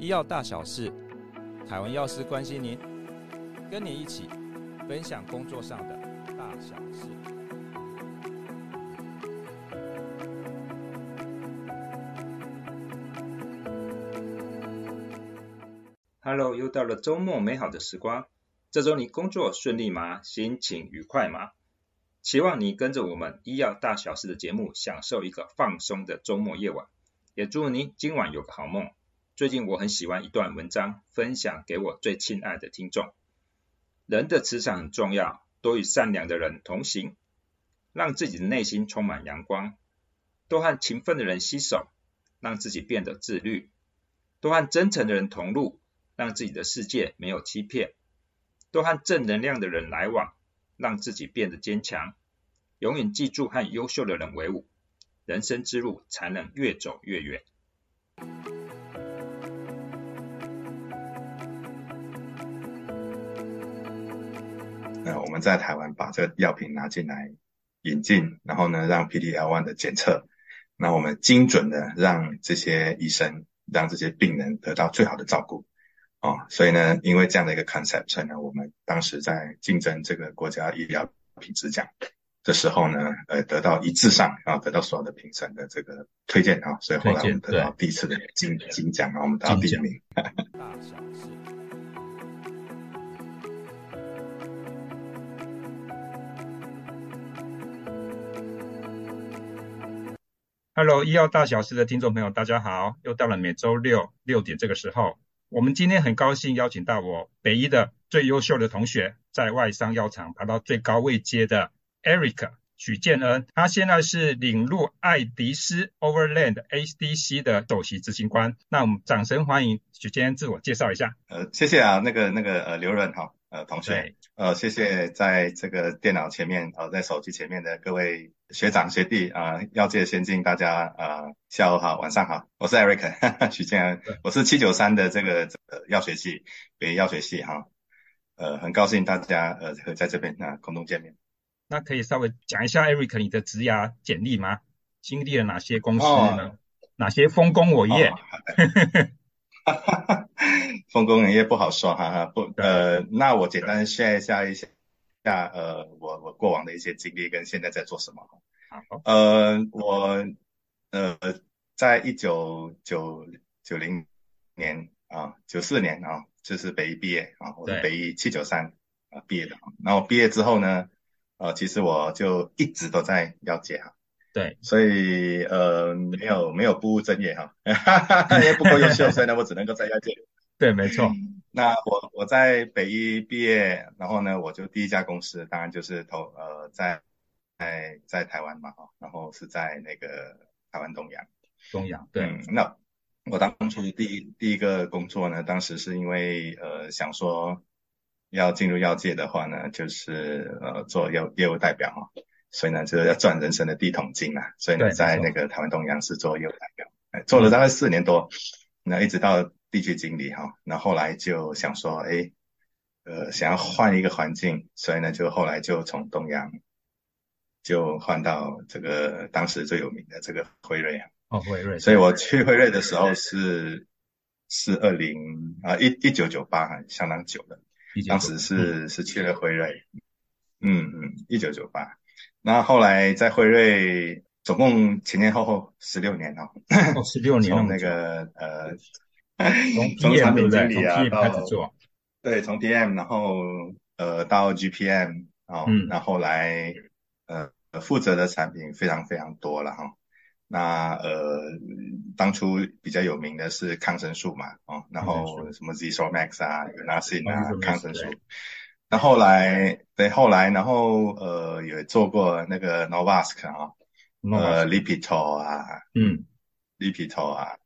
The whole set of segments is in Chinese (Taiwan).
醫藥大小事，凱文藥師關心您，跟你一起分享工作上的大小事。Hello，又到了週末美好的時光。這週你工作順利嗎？心情愉快嗎？期望你跟着我們醫藥大小事的節目，享受一個放鬆的週末夜晚。也祝你今晚有個好夢。最近我很喜歡一段文章，分享給我最親愛的聽眾。人的磁場很重要，多與善良的人同行，讓自己的內心充滿陽光；多和勤奮的人攜手，讓自己變得自律；多和真誠的人同路，讓自己的世界沒有欺騙；多和正能量的人來往，讓自己變得堅強。永遠記住和優秀的人為伍，人生之路才能越走越遠。那我們在台灣把這個藥品拿進來引進，然後呢，讓 PD-L1 的檢測，那我們精準的讓這些醫生、讓這些病人得到最好的照顧。哦，所以呢，因為這樣的一個 concept 呢，我們當時在競爭這個國家醫療品質獎的時候呢，呃，得到一致上啊，得到所有的評審的這個推薦啊，哦，所以後來我們得到第一次的金金，金獎啊，然後我們得到第一名。Hello，醫藥大小事的聽眾朋友，大家好！又到了每週六六點這個時候，我們今天很高興邀請到我北醫的最優秀的同學，在外商藥廠爬到最高位階的 Eric 許建恩，他現在是領路愛迪思 Overland ADC 的首席執行官。那我們掌聲歡迎許建恩自我介紹一下。呃，謝謝啊，那個那個呃劉潤哈呃同學，呃謝謝，在這個電腦前面呃，在手機前面的各位。學長學弟啊、呃，藥界先進，大家啊、呃，下午好，晚上好，我是 Eric 哈哈，許建恩，我是七九三的這個藥、呃、學系，北醫藥學系哈，呃，很高興大家呃可以在這邊啊、呃、空中見面。那可以稍微講一下 Eric 你的職涯、簡歷嗎？經歷了哪些公司呢？哦、哪些豐功偉業？豐功偉業不好說，哈哈，不呃，那我簡單 share 下一下一些。那呃，我我過往的一些經歷跟現在在做什麼？呃，我呃，在一九九九零年啊，九四年啊，就是北醫畢業啊，我北醫七九三啊畢業的。然後畢業之後呢，啊，其實我就一直都在藥界哈。對，所以呃，沒有沒有不務正業哈，啊、 因為不夠優秀，所以呢， 我只能夠在藥界。對，沒錯。那我我在北醫畢業，然後呢，我就第一家公司當然就是投呃，在在在台灣嘛，然後是在那個台灣東洋。東洋對。嗯，那我當初第一第一個工作呢，當時是因為呃想說要進入藥界的話呢，就是呃做業、業務代表嘛，所以呢就要賺人生的第一桶金嘛，所以在那個台灣東洋是做業務代表，哎，做了大概四年多，那一直到。地區經理哈、哦，那後來就想說，誒呃，想要換一個環境，所以呢，就後來就從東洋就換到這個當時最有名的這個輝瑞啊。哦，輝瑞。所以我去輝瑞的時候是是二零啊，一一九九八，相當久了。1990, 當時是、嗯、是去了輝瑞，嗯嗯，一九九八。那後,後來在輝瑞總共前前後後十六年啊、哦，十、哦、六年。從那個呃。嗯從， 從產品經理啊，開始做，對，從 DM，然後呃到 GPM，哦，嗯、然後來呃負責的產品非常非常多了哈、哦。那呃當初比較有名的是抗生素嘛，哦、然後、嗯、什麼 Zithromax 啊 Unasyn 啊，抗生素。那後來對，後來然後呃也做過那個 Norvasc 啊、哦嗯，呃 Lipitor 啊，嗯，Lipitor 啊。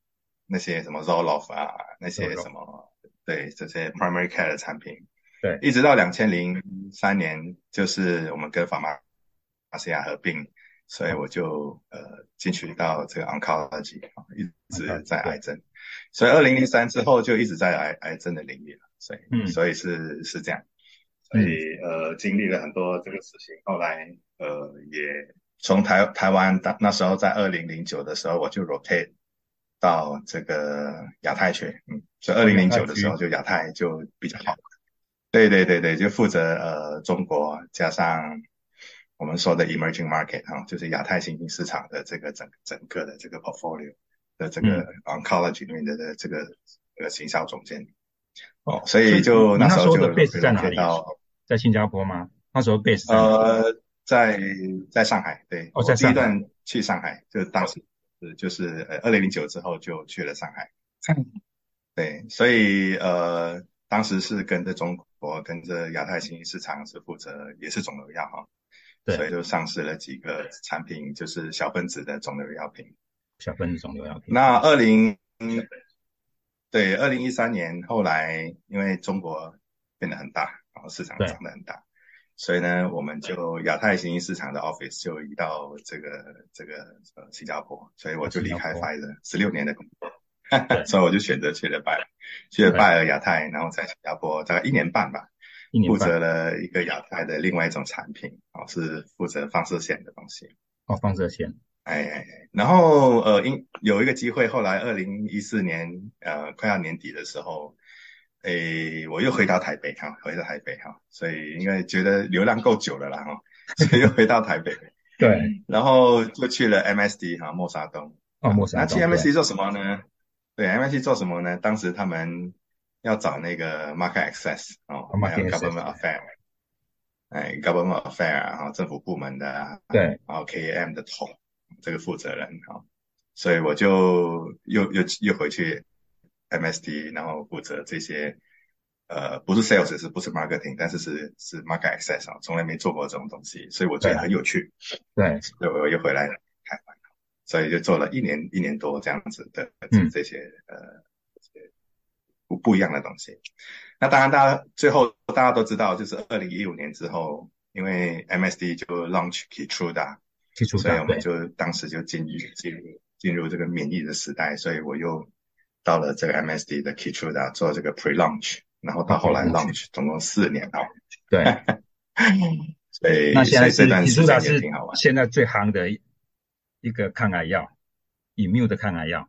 那些什麼 Zoloft 啊，那些什麼，Zoloft. 對，這些 primary care 的產品，對，一直到兩千零三年，嗯，就是我們跟法馬馬西亞合併，所以我就，嗯，呃進去到這個 oncology 一直在癌症，所以二零零三之後就一直在癌癌症的領域了，所以，嗯，所以是是這樣，所以呃經歷了很多這個事情，後來呃也從台台灣那那時候在二零零九的時候我就 rotate。到這個亞太區，嗯，所以二零零九的時候，就亞太就比較好。對對對對，就負責呃中國，加上我們說的 emerging market 啊、哦，就是亞太新興市場的這個整整個的這個 portfolio 的這個 oncology、嗯、裡面的的這個呃、這個、行銷總監。哦，所以就那時候就來、哦、到在新加坡嗎？那時候 base 在呃在在上海，對，在、哦、第一段去上海，哦、上海就是當時。哦就是呃，二零零九之後就去了上海。對，所以呃，當時是跟着中國，跟着亞太新興市場是負責，也是腫瘤藥哈。對，所以就上市了幾個產品，就是小分子的腫瘤藥品。小分子腫瘤藥品。那二零，對，二零一三年，後來因為中國變得很大，然後市場漲得很大。所以呢，我們就亞太新興市場的 office 就移到這個這個呃新加坡，所以我就離開斐 e 十六年的工作。哈哈， 所以我就選擇去了拜去了拜爾亞太，然後在新加坡大概一年半吧，負責了一個亞太的另外一種產品，哦是負責放射線的東西，哦放射線，哎，然後呃因有一個機會，後來二零一四年呃快要年底的時候。誒、欸，我又回到台北哈，回到台北哈，所以因為覺得流浪夠久了啦哈，所以又回到台北。 對，然後就去了 M S D 哈、啊，默沙東。啊、哦，默沙東。那去 M S D 做什麼呢？對,對，M S D 做什麼呢？當時他們要找那個 Market Access 哦，Government Affair 哎，Government Affair，然、啊、政府部門的，對，然後 K M 的頭，這個負責人哈、啊。所以我就又又又,又回去。M S D，然後負責這些，呃，不是 sales，是不是 marketing，但是是是 market access 從來沒做過這種東西，所以我覺得很有趣。對、啊，所以我又回來台灣，所以就做了一年一年多這樣子的這些、嗯、呃不不一樣的東西。那當然，大家最後大家都知道，就是二零一五年之後，因為 M S D 就 launch Keytruda, Keytruda，所以我們就當時就進入進入進入這個免疫的時代，所以我又。到了這個 M S D 的 Keytruda 做這個 Pre Launch，然後到後來 Launch，總共四年啊。對， 所以 那現在 Keytruda 現在最行的一個抗癌藥，Immune 的抗癌藥。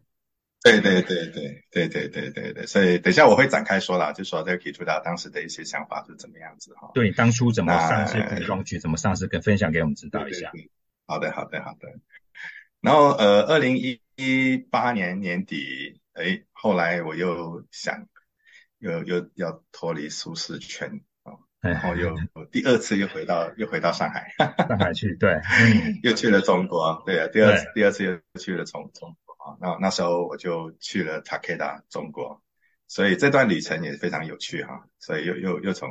對對對對對對對對對。所以等一下我會展開說了，就說這個 Keytruda 當時的一些想法是怎麼樣子哈、哦。對，當初怎麼上市 Pre Launch 怎麼上市，跟分享給我們知道一下。對對對好的好的好的。然後呃，二零一八年年底。哎，後來我又想，又又，又要脫離舒適圈啊、哦哎，然後又第二次又回到、哎、又回到上海上海去，對， 又去了中國，對，第二次第二次又去了從中國啊、哦，那那時候我就去了 Takeda 中國，所以這段旅程也非常有趣哈、哦，所以又又又從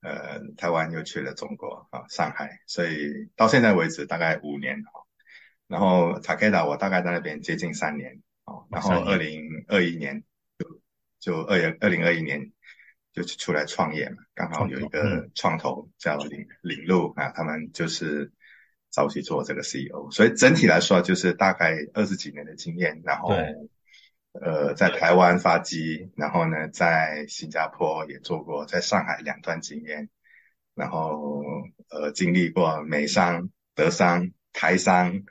呃台灣又去了中國啊、哦、上海，所以到現在為止大概五年啊、哦，然後 Takeda 我大概在那邊接近三年。然後二零二一年就就二零二零二一年就出來創業嘛，剛好有一個創投叫領領路啊，他們就是早期做這個 CEO，所以整體來說就是大概二十幾年的經驗，然後呃在台灣發跡，然後呢在新加坡也做過，在上海兩段經驗，然後呃經歷過美商、德商、台商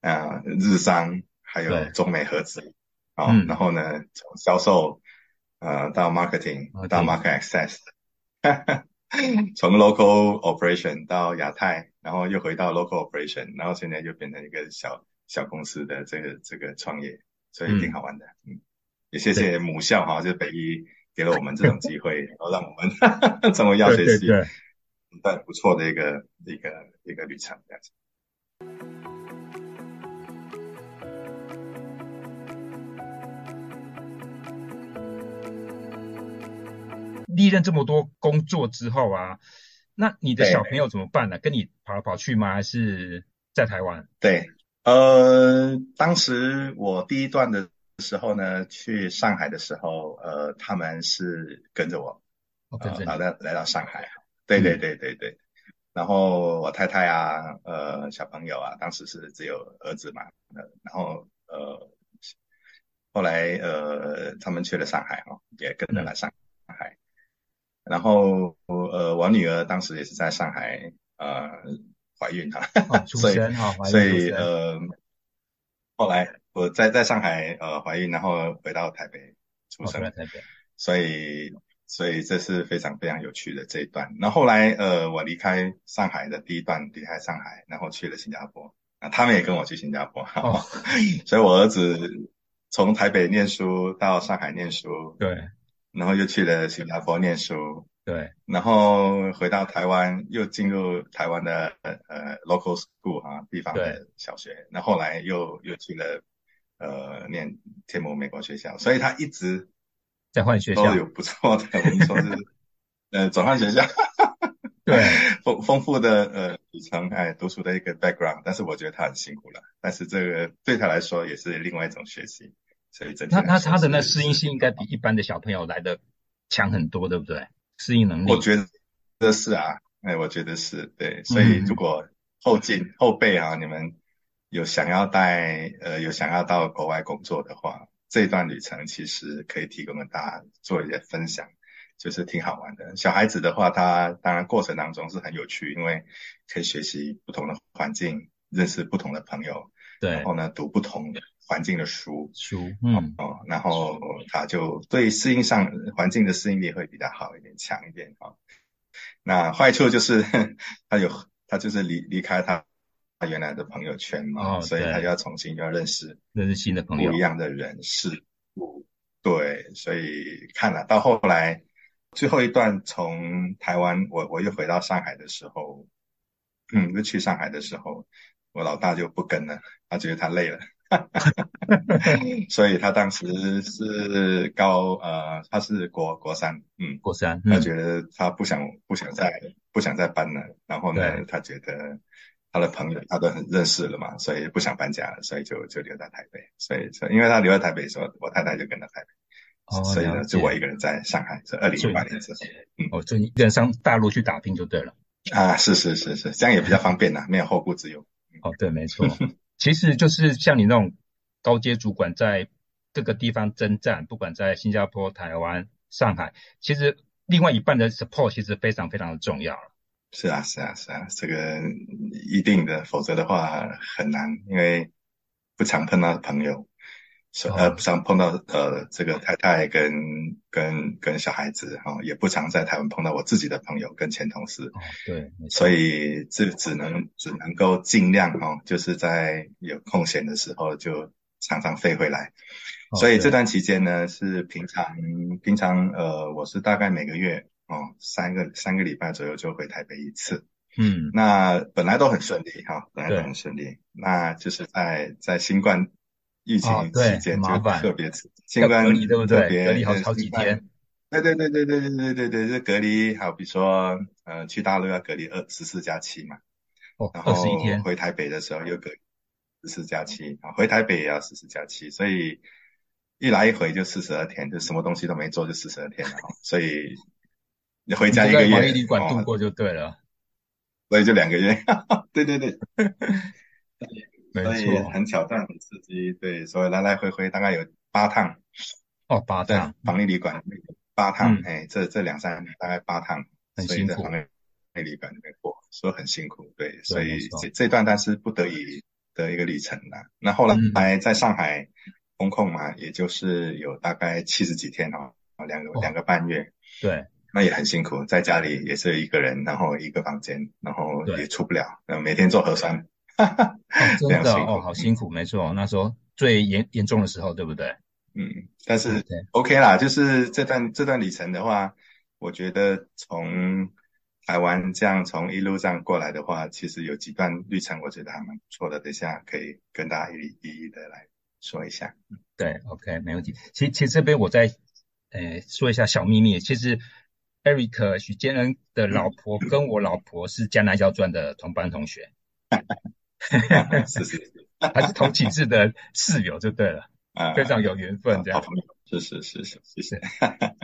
啊、呃、日商。還有中美合資、哦嗯，然後呢，從銷售呃到 marketing、啊、到 market access，哈哈從 local operation 到亞太，然後又回到 local operation，然後現在又變成一個小小公司的這個這個創業，所以挺好玩的。嗯，嗯也謝謝母校哈、哦，就是北醫給了我們這種機會， 然後讓我們呵呵成為藥學系，對對對，但不錯的一個一個一個，一個旅程這樣子。歷任這麼多工作之後啊，那你的小朋友怎麼辦呢？跟你跑來跑、跑去嗎？還是在台灣？對，呃，當時我第一段的時候呢，去上海的時候，呃，他們是跟着我，好的、呃，來到上海。對對對對對、嗯。然後我太太啊，呃，小朋友啊，當時是只有兒子嘛，呃、然後呃，後來呃，他們去了上海啊，也跟着來上海。嗯然後我，呃，我女兒當時也是在上海，呃，懷孕哈、哦 哦，所以，所以，呃，後來我在在上海，呃，懷孕，然後回到台北出生，哦、台北，所以，所以這是非常非常有趣的這一段。那後，後來，呃，我離開上海的第一段，離開上海，然後去了新加坡，啊，他們也跟我去新加坡，哦、 所以，我兒子從台北念書到上海念書，對。然後又去了新加坡念書，對，然後回到台灣又進入台灣的呃 local school 啊地方的小學，那後，後來又又去了呃念天母美國學校，所以他一直在換學校，有不錯的，我們說是 呃轉換學校， 對，豐豐富的呃底層哎讀書的一個 background，但是我覺得他很辛苦了，但是這個對他來說也是另外一種學習。所以，他他他的那適應性應該比一般的小朋友來得強很多，對不對？適應能力，我覺得這是啊，哎，我覺得是對。所以，如果後進、嗯、後輩啊，你們有想要帶呃有想要到國外工作的話，這段旅程其實可以提供給大家做一些分享，就是挺好玩的。小孩子的話，他當然過程當中是很有趣，因為可以學習不同的環境，認識不同的朋友，對，然後呢，讀不同的。環境的書，書。嗯哦，然後他就對適應上環境的適應力會比較好一點強，強一點哈。那壞處就是他有他就是離離開他他原來的朋友圈嘛，哦、所以他就要重新就要認識認識新的朋友，不一樣的人事物。對，所以看了到後來最後一段，從台灣我我又回到上海的時候，嗯，又去上海的時候，我老大就不跟了，他覺得他累了。 所以他當時是高呃，他是國國三，嗯，國三。嗯、他覺得他不想不想再對對對不想再搬了。然後呢，他覺得他的朋友他都很認識了嘛，所以不想搬家了，所以就就留在台北所。所以，因為他留在台北的時候，我太太就跟他台北，哦，所以呢，就我一個人在上海。是2018年之後。嗯，哦，就一人上大陸去打拼就對了啊！是是是是，這樣也比較方便吶、啊，沒有後顧之憂。哦，對，沒錯。 其實就是像你那種高階主管在各個地方征戰，不管在新加坡、台灣、上海，其實另外一半的 support 其實非常非常的重要。是啊，是啊，是啊，這個一定的，否則的話很難，因為不常碰到的朋友。呃、啊，不常碰到呃，這個太太跟跟跟小孩子哈、哦，也不常在台灣碰到我自己的朋友跟前同事，哦、對，所以這只，只能只能夠盡量哈、哦，就是在有空閒的時候就常常飛回來。哦、所以這段期間呢，是平常平常呃，我是大概每個月哦三個三個禮拜左右就回台北一次，嗯，那本來都很順利哈、哦，本來都很順利，那就是在在新冠。疫情期間就特別麻煩，新冠隔離對不對？隔離好幾天。對對對對對對對對對，就隔離好，比如說，呃，去大陸要隔離二十四加七嘛，哦，然後回台北的時候又隔十四加七啊，回台北也要十四加七，所以一來一回就四十二天，就什麼東西都沒做就四十二天了。 所以你回家一個月， 哦，在防疫旅館度過就對了。所以就兩個月， 對對對。 對沒錯，很挑戰，很刺激，對，所以來來回回大概有八趟。哦，八趟防疫旅館，八趟，哎、嗯，這這兩三大概八趟，嗯、所以在防疫旅館那邊過，過，所以很辛苦，對，對所以這這段但是不得已的一個歷程啦。那後來在在上海封控、嗯、嘛，也就是有大概七十幾天哦，兩個、哦、兩個半月，對，那也很辛苦，在家裡也是一個人，然後一個房間，然後也出不了，每天做核酸。Okay. 哈 哈、哦，真的哦，哦，好辛苦，嗯、沒錯，那時候最嚴嚴重的時候、嗯，對不對？嗯，但是 okay. OK 啦，就是這段這段旅程的話，我覺得從台灣這樣從一路上過來的話，其實有幾段旅程我覺得還蠻不錯的，等一下可以跟大家一一,一的來說一下。對，OK，沒問題。其實其實這邊我再呃、欸、說一下小秘密，其實 Eric 許建恩的老婆跟我老婆是嘉南藥專的同班同學。 是是是，還是同寢室的室友就對了 非常有緣分這樣，啊，好朋友。是是是是，是，是，謝謝。哎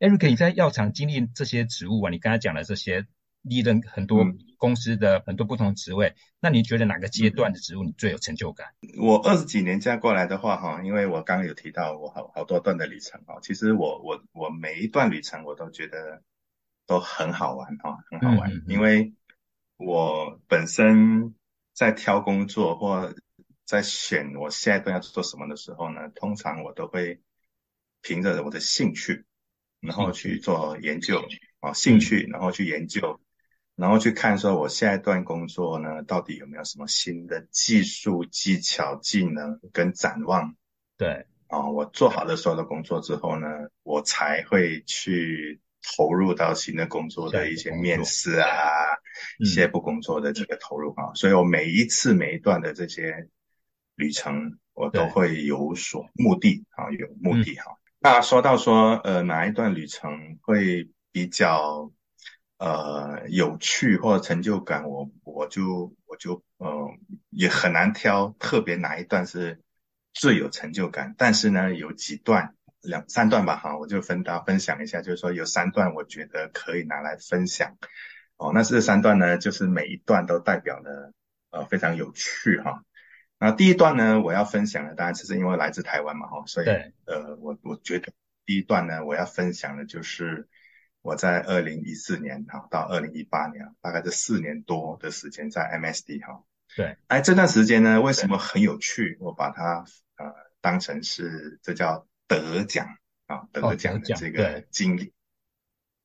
，Eric，你在藥廠經歷這些職務啊，你剛才講了這些，歷任很多公司的很多不同職位，嗯，那你覺得哪個階段的職務你最有成就感？我二十幾年這樣過來的話，哈，因為我剛剛有提到我好，好多段的旅程其實我，我，我每一段旅程我都覺得都很好玩啊，很好玩，嗯，因為我本身。在挑工作或在選我下一段要做什麼的時候呢，通常我都會憑着我的興趣，然後去做研究、嗯、啊，興趣、嗯、然後去研究，然後去看說我下一段工作呢到底有沒有什麼新的技術、技巧、技能跟展望。對啊，我做好了所有的工作之後呢，我才會去。投入到新的工作的一些面試啊，一些不，不工作的這個投入啊、嗯，所以我每一次每一段的這些旅程，嗯、我都會有所目的啊，有目的哈。那、嗯、說到說呃哪一段旅程會比較呃有趣或者成就感，我我就我就呃也很難挑，特別哪一段是最有成就感，但是呢有幾段。兩三段吧，哈，我就分大家分享一下，就是說有三段，我覺得可以拿來分享，哦，那這三段呢，就是每一段都代表了，呃，非常有趣，哈、哦，那第一段呢，我要分享的，當然這是因為來自台灣嘛，哈，所以對，呃，我我覺得第一段呢，我要分享的就是我在二零一四年哈到二零一八年，大概這四年多的時間在 MSD 哈、哦，對，哎，這段時間呢，為什麼很有趣？我把它呃當成是這叫。得獎啊，得、哦、獎的這個經歷、哦，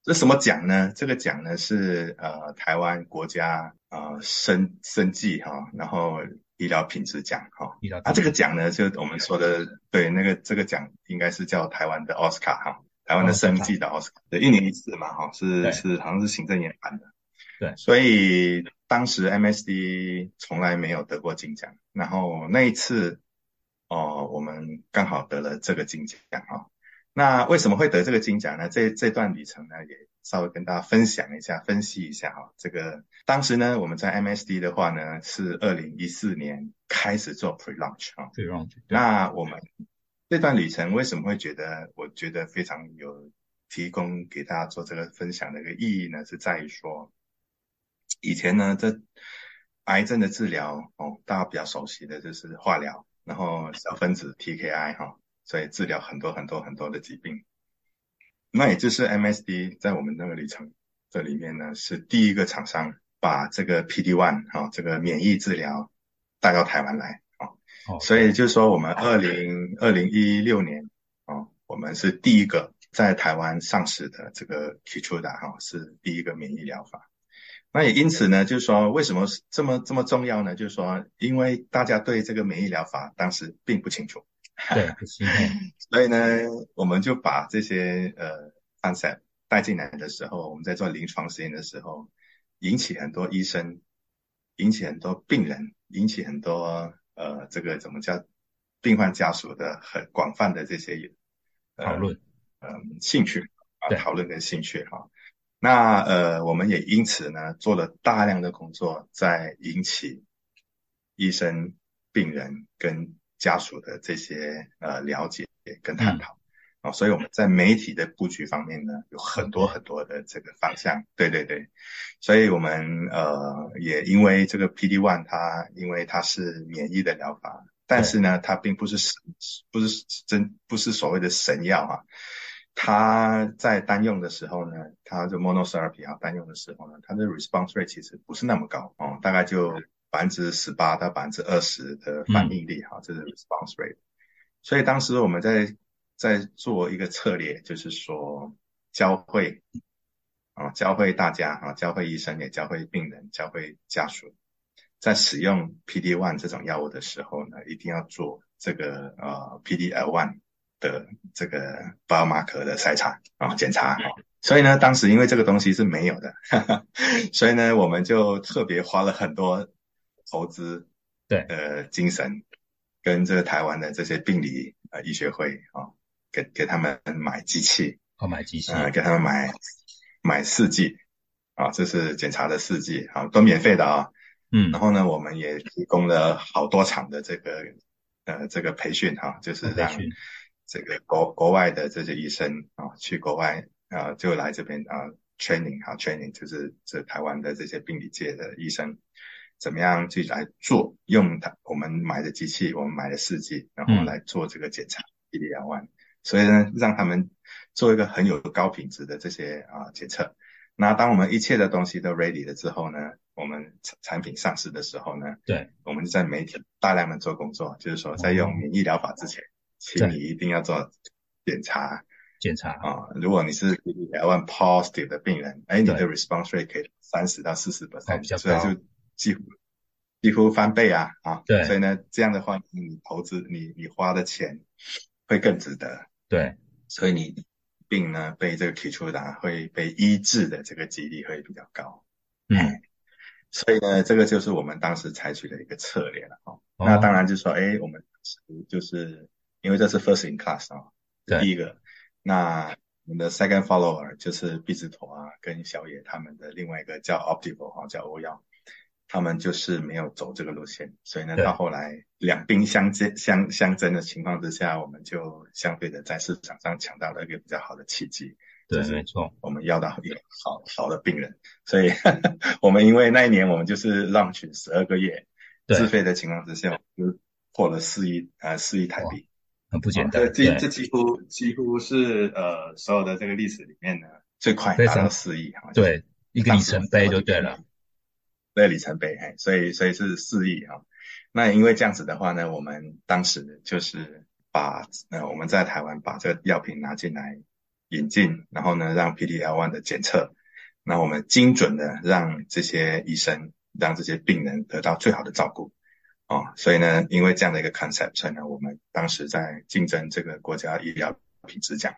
這什麼獎呢？這個獎呢是呃台灣國家啊、呃、生生技哈、哦，然後醫療品質獎哈。啊，這個獎呢就我們說的對,對,對,的對那個這個獎應該是叫台灣的奧斯卡哈，台、哦、灣的生技的奧斯卡，對，一年一次嘛哈，是是好像是行政院頒的。對，所以當時 MSD 從來沒有得過金獎，然後那一次。哦，我們剛好得了這個金獎啊、哦！那為什麼會得這個金獎呢？這這段旅程呢，也稍微跟大家分享一下、分析一下啊、哦。這個當時呢，我們在 MSD 的話呢，是二零一四年開始做 Pre Launch 啊、哦，Pre Launch。那我們這段旅程為什麼會覺得，我覺得非常有提供給大家做這個分享的一個意義呢？是在於說，以前呢，這癌症的治療哦，大家比較熟悉的就是化療。然後小分子 TKI 哈、哦，所以治療很多很多很多的疾病。那也就是 MSD 在我們那個里程這裡面呢，是第一個廠商把這個 PD1 哈、哦、這個免疫治療帶到台灣來啊。哦 oh, okay. 所以就說我們二零二零一六年啊、哦，我們是第一個在台灣上市的這個 Keytruda 哈，是第一個免疫療法。那也因此呢，就是說，為什麼這麼這麼重要呢？就是說，因為大家對這個免疫療法當時並不清楚，對，是 所以呢，我們就把這些呃 concept 帶進來的時候，我們在做臨床實驗的時候，引起很多醫生，引起很多病人，引起很多呃，這個怎麼叫病患家屬的很廣泛的這些、呃、討論，嗯，興趣啊，討論跟興趣哈。啊那呃，我們也因此呢做了大量的工作，在引起醫生、病人跟家屬的這些呃，了解跟探討。嗯。哦，所以我們在媒體的布局方面呢，有很多很多的這個方向，嗯。對對對，所以我們呃也因為這個 PD-1 它，因為它是免疫的療法，但是呢，嗯。它並不是，不是真，不是所謂的神藥啊。它在單用的時候呢，它的 monotherapy 啊，單用的時候呢，它的 response rate 其實不是那麼高哦，大概就百分之十八到百分之二十的反應率。哈、嗯，這、啊就是 response rate。所以當時我們在在做一個策略，就是說教會啊，教會大家啊，教會醫生也教會病人，教會家屬，在使用 PD one 這種藥物的時候呢，一定要做這個呃 PDL one。PD 的這個 Biomarker 的篩查啊檢查，哦嗯，所以呢，當時因為這個東西是沒有的，哈哈所以呢，我們就特別花了很多投資的，對，呃，精神跟這個台灣的這些病理啊、呃、醫學會啊、哦，給給他們買機器，啊、哦、買機器，啊、呃、給他們買買試劑啊、哦，這是檢查的試劑啊、哦，都免費的啊、哦，嗯，然後呢，我們也提供了好多場的這個呃這個培訓哈、哦，就是讓。這個國國外的這些醫生啊，去國外啊，就來這邊啊，training 啊，training 就是這台灣的這些病理界的醫生，怎麼樣去來做用他我們買的機器，我們買的試劑，然後來做這個檢查、嗯、PD-L1，所以呢，讓他們做一個很有高品質的這些啊檢測。那當我們一切的東西都 ready 了之後呢，我們產產品上市的時候呢，對，我們就在媒體大量的做工作，就是說在用免疫療法之前。嗯請你一定要做檢查，檢查啊！如果你是 TIL o positive 的病人，哎，你的 response rate 可以三十到四十 p e r c，所以就幾乎幾乎翻倍啊！啊，對，所以呢，這樣的話，你投資你你花的錢會更值得。對，所以你病呢被這個 u 除完會被醫治的這個幾率會比較高嗯。嗯，所以呢，這個就是我們當時採取的一個策略了哈、啊哦。那當然就說，哎，我們當時就是。因為這是 first in class 啊、哦，第一個。那我們的 second follower 就是必治妥啊，跟小野他們的另外一個叫 Opdivo 哈，叫 O 藥，他們就是沒有走這個路線，所以呢，到後來兩兵相接、相相爭的情況之下，我們就相對的在市場上搶到了一個比較好的契機。對，沒錯，我們要到一個好好的病人，所以 我們因為那一年我們就是 launch 十二個月，自費的情況之下，就破了四億呃四億台幣。很不簡單，這、哦、這幾乎幾乎是呃所有的這個歷史裡面呢，最快，達到四億哈，對，啊哦就是、對一個里程碑就對了，對，里程碑嘿，所以所以是四億哈、哦，那因為這樣子的話呢，我們當時就是把呃我們在台灣把這個藥品拿進來引進，嗯、然後呢讓 PDL1 的檢測，那我們精準的讓這些醫生讓這些病人得到最好的照顧。哦，所以呢，因為這樣的一個 concept 呢，我們當時在競爭這個國家醫療品質獎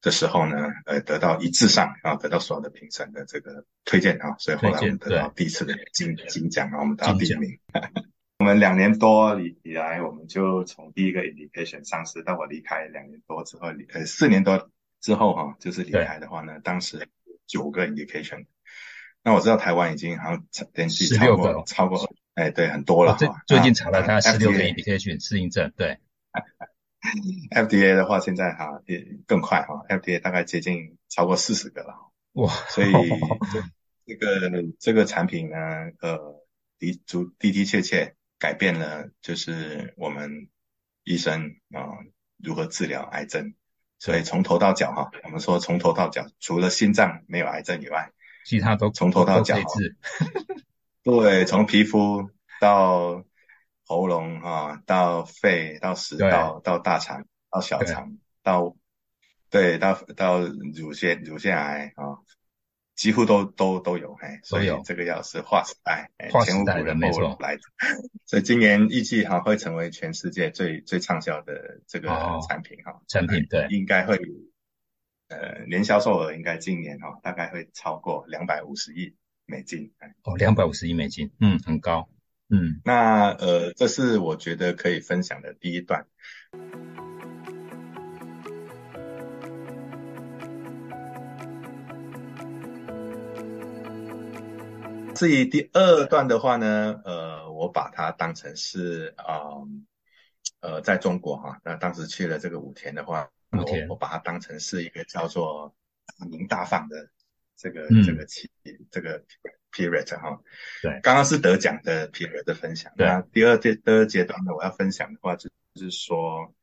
的時候呢，呃，得到一致上啊，得到所有的評審的這個推薦啊，哦，所以後來我們得到第一次的金金，金獎啊，我們得到第一名。 我們兩年多以來，我們就從第一個 indication 上市到我離開兩年多之後，呃，四年多之後哈，就是離開的話呢，當時九個 indication，那我知道台灣已經好像累計超過超過。哎，對，很多了。哦，最近查了，他十六個億，FDA, 你可以選適應症。對，FDA 的話，現在哈、啊、也更快哈、啊、FDA 大概接近超過四十個了。哇、哦，所以這個這個產品呢，呃，的的的確確改變了，就是我們醫生啊、呃、如何治療癌症。所以從頭到腳哈、啊，我們說從頭到腳，除了心臟沒有癌症以外，其他都從頭到腳治。 對，從皮膚到喉嚨啊，到肺，到食道，到大腸，到小腸，到對，到對到，到乳腺乳腺癌啊、哦，幾乎都都都有哎、欸，所以這個藥是劃時代，劃時代沒錯，前無古人，後無來的。 所以今年預計哈會成為全世界最最暢銷的這個產品哈、哦哦，產品對，應該會呃年銷售額應該今年哈、哦、大概會超過兩百五十億。美金，哦，兩百五十億美金，嗯，嗯，很高，嗯，那呃，這是我覺得可以分享的第一段，嗯。至於第二段的話呢，呃，我把它當成是啊，呃，呃，在中國哈，那當時去了這個武田的話，武田，我，我把它當成是一個叫做大鳴大放的。這個這個期這個 period 哈，對，剛剛是得獎的 period 的分享，對，那第二階第二階段呢，我要分享的話就是說，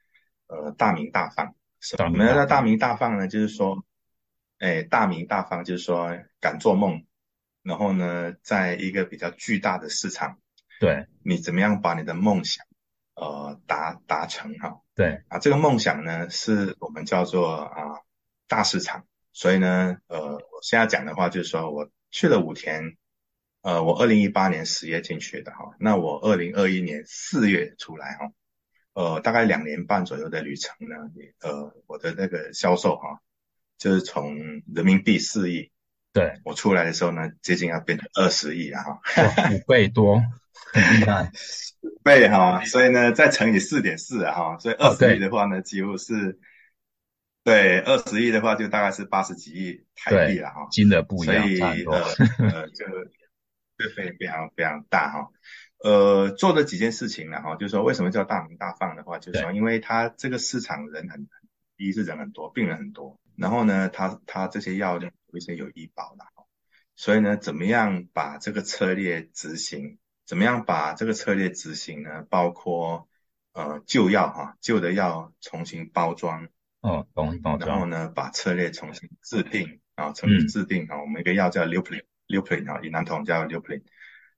呃，大鳴大放。什麼叫大鳴大放呢？就是說，哎，大鳴大放就是說敢做夢，然後呢，在一個比較巨大的市場，對，你怎麼樣把你的夢想，呃，達達成哈？對啊，這個夢想呢，是我們叫做啊、呃、大市場。所以呢，呃，我現在講的話就是說我去了五天，呃，我二零一八年十月進去的哈，那我二零二一年四月出來哈，呃，大概兩年半左右的旅程呢，呃，我的那個銷售哈，就是從人民幣四億，對，我出來的時候呢，接近要變成二十億啊，五、哦、 倍多，很厲害，五 倍哈、哦，所以呢，再乘以四點四啊，所以二十億的話呢，哦、幾乎是。對，二十億的話，就大概是八十幾億台幣了哈。金額不一樣， 所以呃，呃就就非非常非常大哈。呃，做的幾件事情呢哈，就是說為什麼叫大鳴大放的話，就是說，因為它這個市場人很，一是人很多，病人很多，然後呢，它它這些藥有一些有醫保了，所以呢，怎麼樣把這個策略執行？怎麼樣把這個策略執行呢？包括呃舊藥哈，舊的藥重新包裝。哦，懂懂。然後呢，把策略重新制定，啊，重新制定啊。嗯、我們一個藥叫 Leuplin，Leuplin 啊 Leuplin，以南統叫 Leuplin，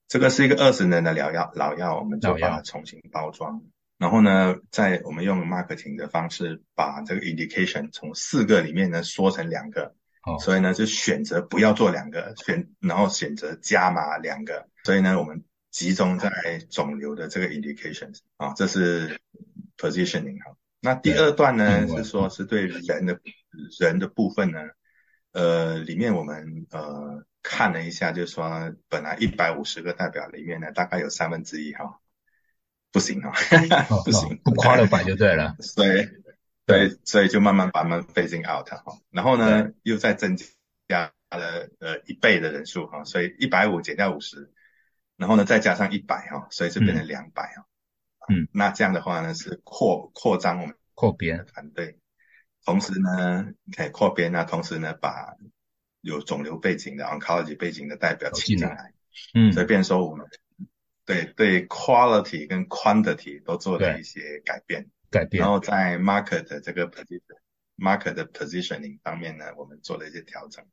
這個是一個二十年的老藥，老藥我們就把它重新包裝。然後呢，在我們用 marketing 的方式，把這個 indication 從四個裡面呢縮成兩個。哦。所以呢，就選擇不要做兩個選，然後選擇加碼兩個。所以呢，我們集中在腫瘤的這個 indication 啊，這是 positioning 哈。那第二段呢，是說是對人的、嗯，人的部分呢，呃，裡面我們呃看了一下，就是說本來一百五十個代表裡面呢，大概有三分之一哈、哦，不行啊、哦，哦、 不行、哦哦，不誇了百就對了， 對，對，所以就慢慢把他們 phasing out 哈、哦，然後呢又再增加了、呃、一倍的人數哈、哦，所以一百五減掉五十，然後呢再加上一百哈，所以就變成兩百哈。哦嗯，那這樣的話呢，是擴擴張我們擴編團隊邊，同時呢，可以擴編那、啊、同時呢，把有腫瘤背景的 oncology 背景的代表請進來，嗯，所以變說我們對對 quality 跟 quantity 都做了一些改變，改變。然後在 market 的這個 position market 的 positioning 方面呢，我們做了一些調整，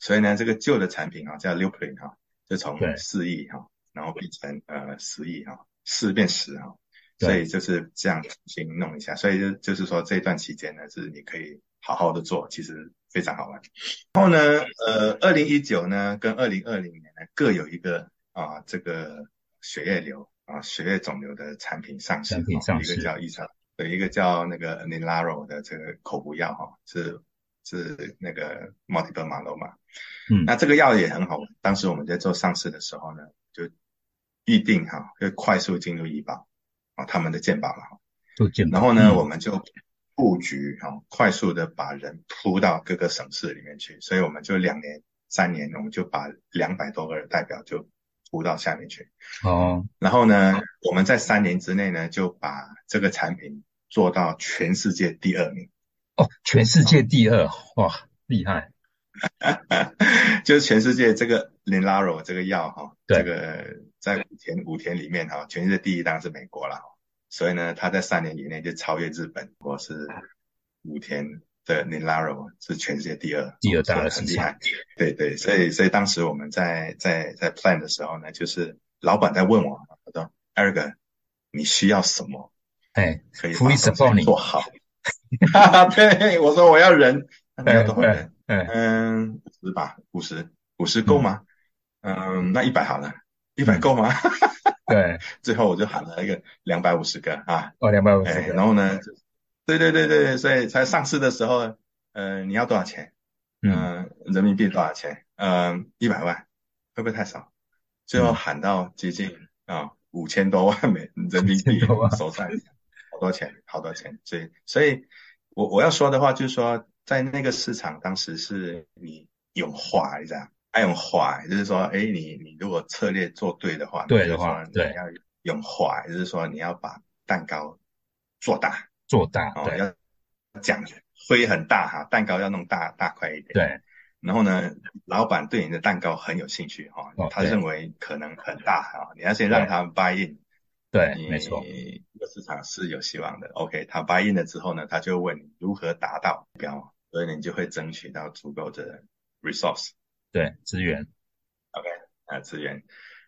所以呢，這個舊的產品啊，叫 Luprin 哈、啊，就從四億哈、啊，然後成、呃啊、變成呃十億哈，四變十哈。所以就是這樣重新弄一下，所以就就是說這一段期間呢，是你可以好好的做，其實非常好玩。然後呢，呃，二零一九呢跟二零二零年呢各有一個啊這個血液瘤啊血液腫瘤的產品，產品上市，一個叫 e 生，有一個叫那個 Ninlaro 的這個口服藥哈，是是那個 Multiple Myeloma，嗯，那這個藥也很好玩。當時我們在做上市的時候呢，就預定哈，要快速進入醫保。啊、哦，他們的健保了，然後呢、嗯，我們就佈局啊、哦，快速的把人鋪到各個省市裡面去，所以我們就兩年、三年，我們就把兩百多個人代表就鋪到下面去。哦，然後呢，我們在三年之內呢，就把這個產品做到全世界第二名。哦，全世界第二，哇，厲害！ 就是全世界這個 Ninlaro 這個藥哈、哦，這個在武田武田裡面哈、哦，全世界第一當然是美國啦。所以呢，它在三年以內就超越日本，我是武田的 Ninlaro 是全世界第二，第二單很厲害，對對，對，對，所以所以當時我們在在在 plan 的時候呢，就是老板在問我，我說 Eric 你需要什麼？哎，可以把事情做好。哈 哈， 對我說我要人，要多少人？嗯，五十吧，五十，五十夠嗎？嗯，呃、那一百好了，一百夠嗎？ 對，最後我就喊了一個兩百五十個啊，哦，兩百五十，然後呢，對對對對，所以才上市的時候，嗯、呃，你要多少錢、呃？嗯，人民幣多少錢？嗯、呃，一百萬，會不會太少？最後喊到接近啊五千多萬美人民幣，手 上好多錢，好多錢。所以，所以我我要說的話就是說。在那個市場，當時是你用懷，你知道嗎？愛用懷，就是說，哎、欸，你你如果策略做對的話，對的話，你對，要用懷，就是說你要把蛋糕做大，做大，哦，要講灰很大哈，蛋糕要弄大大塊一點，對。然後呢，老板對你的蛋糕很有興趣哈，哦 okay. 他認為可能很大、哦、你要先讓他們 buy in，對，沒錯，這個市場是有希望的。OK，他 buy in 了之後呢，他就問你如何達到目標。所以你就會爭取到足夠的 resource，對，資源，OK 啊，資源。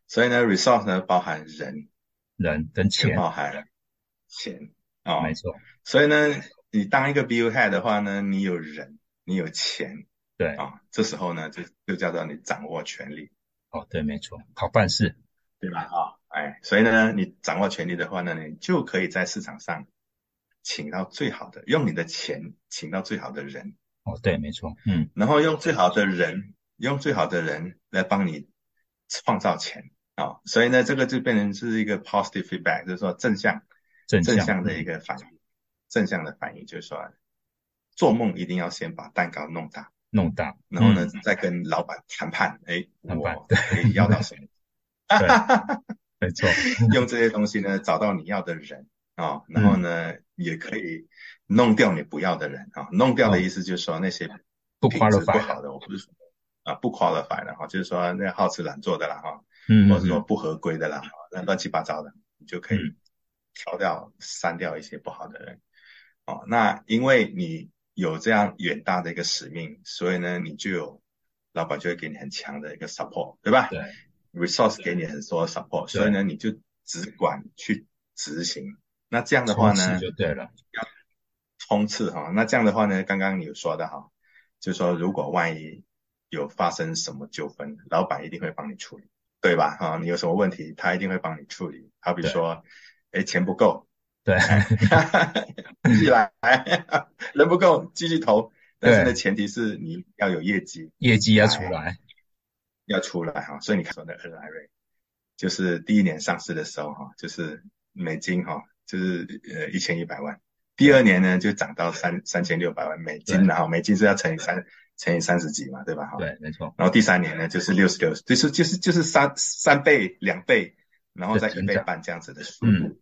所以呢，resource 呢包含人、人跟錢，包含錢啊、哦，沒錯。所以呢，你當一個 Bill Head 的話呢，你有人，你有錢，對啊、哦，這時候呢就就叫做你掌握權力。哦，對，沒錯，好辦事，對吧？啊、哦，哎，所以呢，嗯、你掌握權力的話呢，你就可以在市場上。請到最好的，用你的錢請到最好的人哦，對，沒錯，嗯，然後用最好的人，用最好的人來幫你創造錢啊、哦，所以呢，這個就變成就是一個 positive feedback，就是說正向、正向，正向的一個反應，嗯、正向的反應，就是說做夢一定要先把蛋糕弄大、弄大，然後呢、嗯、再跟老板談判，哎，我可以要到什麼？ 沒錯， 用這些東西呢找到你要的人啊、哦，然後呢。嗯也可以弄掉你不要的人啊！弄掉的意思就是說那些不 qualify 不好的，哦、不我不是說啊不 qualify 的哈，就是說那好吃懶做的啦哈，嗯，或者說不合規的啦，那、嗯、亂七八糟的，你就可以挑掉、嗯、刪掉一些不好的人、嗯、哦。那因為你有這樣遠大的一個使命，所以呢，你就有老闆就會給你很強的一個 support，對吧？對，resource 給你很多 support，所以呢，你就只管去執行。那這樣的話呢，就對了，要衝刺哈、哦。那這樣的話呢，剛剛你有說的哈，就說如果萬一有發生什麼糾紛，老板一定會幫你處理，對吧？哈、哦，你有什麼問題，他一定會幫你處理。好比說，誒錢不夠，對，繼續來,來，人不夠，繼續投。但是呢，前提是你要有業績，業績要出來，要出來哈、哦。所以你看說的 LR, 就是第一年上市的時候哈，就是美金哈、哦。就是呃一千一百萬，第二年呢就漲到三三千六百萬美金，然後美金是要乘以三乘以三十幾嘛，對吧？哈，對，沒錯。然後第三年呢就是六十六，就是 60, 就是、就是、就是三三倍兩倍，然後再一倍半這樣子的速度，嗯、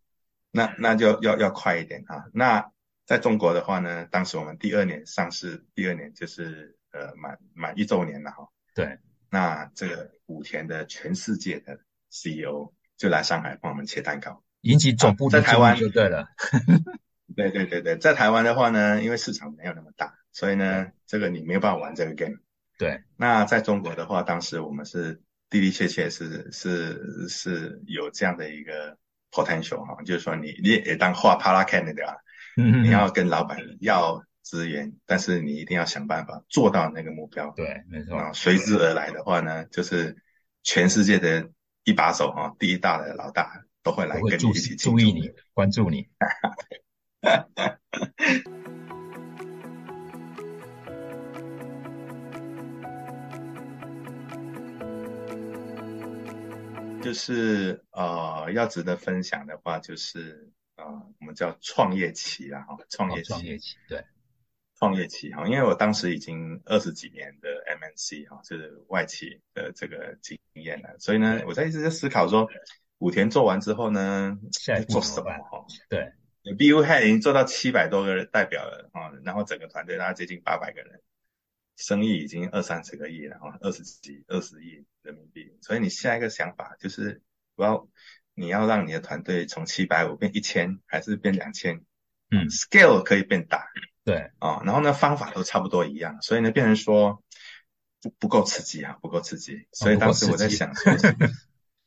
那那就要要快一點啊。那在中國的話呢，當時我們第二年上市，第二年就是呃滿滿一周年了哈、啊。對，那這個武田的全世界的 CEO 就來上海幫我們切蛋糕。引起總部在台灣就對了、啊，對對對對，在台灣的話呢，因為市場沒有那麼大，所以呢，這個你沒有辦法玩這個 game。對，那在中國的話，當時我們是的的確確是是是有這樣的一個 potential 哈、哦，就是說你你也當畫 para Canada，你要跟老闆要資源，但是你一定要想辦法做到那個目標。對，沒錯啊，隨之而來的話呢，就是全世界的一把手哈，第一大的老大。都會來注意注意你，關注你。 就是啊、呃，要值得分享的話，就是啊、呃，我們叫創業期了哈、哦啊，創業期，對，創業期哈、哦。因為我當時已經二十幾年的 MNC 哈、哦，就是外企的這個經驗了，所以呢，我在一直在思考說。武田做完之後呢？現在做什麼？哈，對，你 BU head 已經做到七百多個人代表了，然後整個團隊大概接近八百個人，生意已經二三十個億了哈，然後二十幾二十億人民幣。所以你下一個想法就是，我要，你要讓你的團隊從七百五變一千，還是變兩千，嗯？嗯，scale 可以變大，對啊，然後呢方法都差不多一樣。所以呢，變成說不不夠刺激啊，不夠刺激。哦，不夠刺激。所以當時我在想說。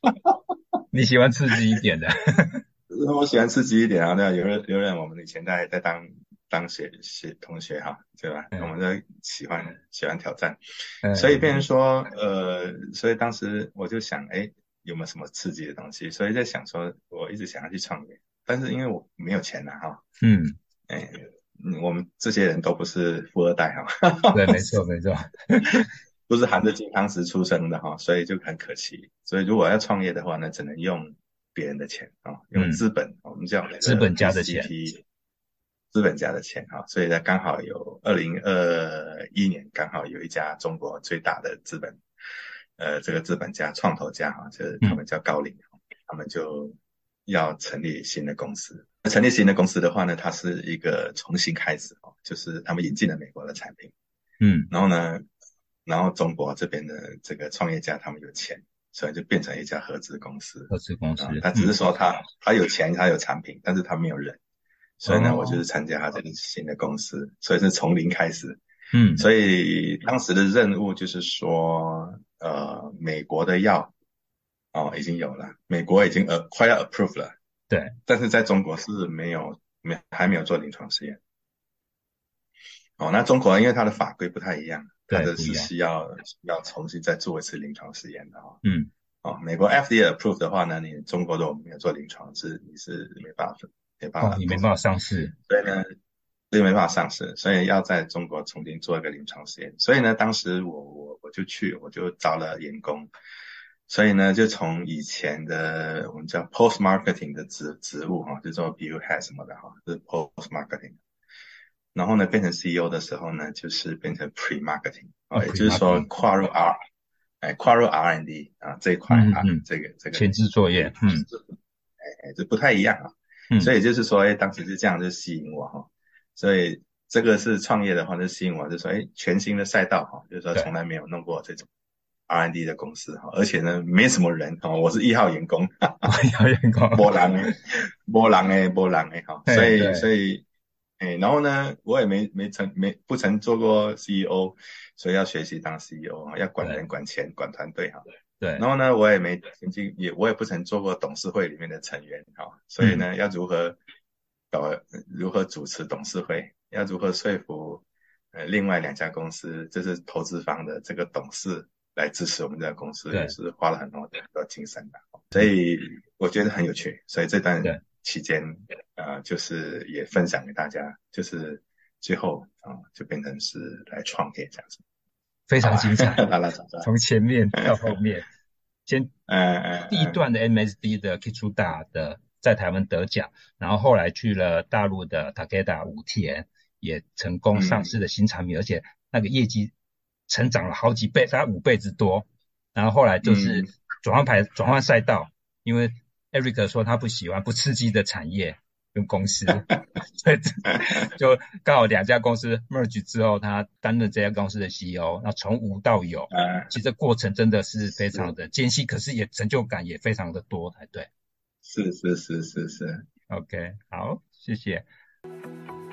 你喜歡刺激一點的 ，我喜歡刺激一點啊。對啊，有人有人，我們以前在在當當學學同學哈、啊，對吧？嗯、我們就喜歡喜歡挑戰，嗯、所以變成說，呃，所以當時我就想，誒、欸、有沒有什麼刺激的東西？所以在想說，我一直想要去創業、嗯，但是因為我沒有錢吶，哈，嗯，哎、欸，我們這些人都不是富二代哈、啊， 對，沒錯沒錯。 不是含着金湯匙出生的哈，所以就很可惜。所以如果要創業的話呢，只能用別人的錢啊，用資本、嗯，我們叫資本家的錢，CP, 資本家的錢哈。所以呢，剛好有二零二一年，剛好有一家中國最大的資本，呃，這個資本家、創投家哈，就是他們叫高瓴、嗯，他們就要成立新的公司。那成立新的公司的話呢，他是一個重新開始，就是他們引進了美國的產品，嗯，然後呢。然後中國這邊的這個創業家，他們有錢，所以就變成一家合資公司。合資公司，他只是說他、嗯、他有錢，他有產品，但是他沒有人、嗯，所以呢，我就是參加他這個新的公司、哦，所以是從零開始。嗯，所以當時的任務就是說，呃，美國的藥哦已經有了，美國已經呃快要 approve 了，對，但是在中國是沒有沒還沒有做臨床試驗。哦，那中國因為它的法規不太一樣。但是是需要需要重新再做一次臨床試驗的哈、哦。嗯，哦，美國 FDA approve 的話呢，你中國的我們沒有做臨床，是你是沒辦法沒辦法、哦，你沒辦法上市。所以呢，所以沒辦法上市，所以要在中國重新做一個臨床試驗。所以呢，當時我我我就去，我就招了員工。所以呢，就從以前的我們叫 post marketing 的職職務哈、哦，就做比如海什麼的哈、哦，就是 post marketing。然後呢，變成 CEO 的時候呢，就是變成 pre-marketing 哦，也就是說跨入 R，、嗯、誒跨入 R&D 啊這一塊啊，這個、嗯嗯、這個、這個、前置作業，這個、嗯，哎不太一樣啊，嗯、所以就是說，哎，當時是這樣就吸引我哈，所以這個是創業的話，就吸引我就說，哎，全新的賽道哈，就是說從來沒有弄過這種 R&D 的公司哈，而且呢，沒什麼人哈，我是一號員工，一號員工， 沒人，沒人誒，沒人誒哈，所以所以。哎，然後呢，我也沒沒曾沒不曾做過 CEO，所以要學習當 CEO，要管人、管錢、管團隊哈。對。然後呢，我也沒曾經也我也不曾做過董事會裡面的成員哈、哦，所以呢，要如何如何主持董事會，要如何說服呃另外兩家公司，這是投資方的這個董事來支持我們這家公司，就是花了很多很多精神的，所以我覺得很有趣，所以這段期間。呃，就是也分享給大家，就是最後啊、呃，就變成是來創業這樣子，非常精彩，從、啊、 前面到後面， 先，呃第一段的 MSD 的 Keytruda 的在台灣得獎、嗯嗯，然後後來去了大陸的 Takeda 武田，也成功上市了新產品、嗯，而且那個業績成長了好幾倍，大概五倍之多，然後後來就是轉換牌，轉換賽道，因為 Eric 說他不喜歡不刺激的產業。用公司，所以 就剛好兩家公司 merge 之後，他擔任這家公司的 CEO。那從無到有，啊、其實過程真的是非常的艱辛，可是也成就感也非常的多。才對，是是是是是，OK，好，謝謝。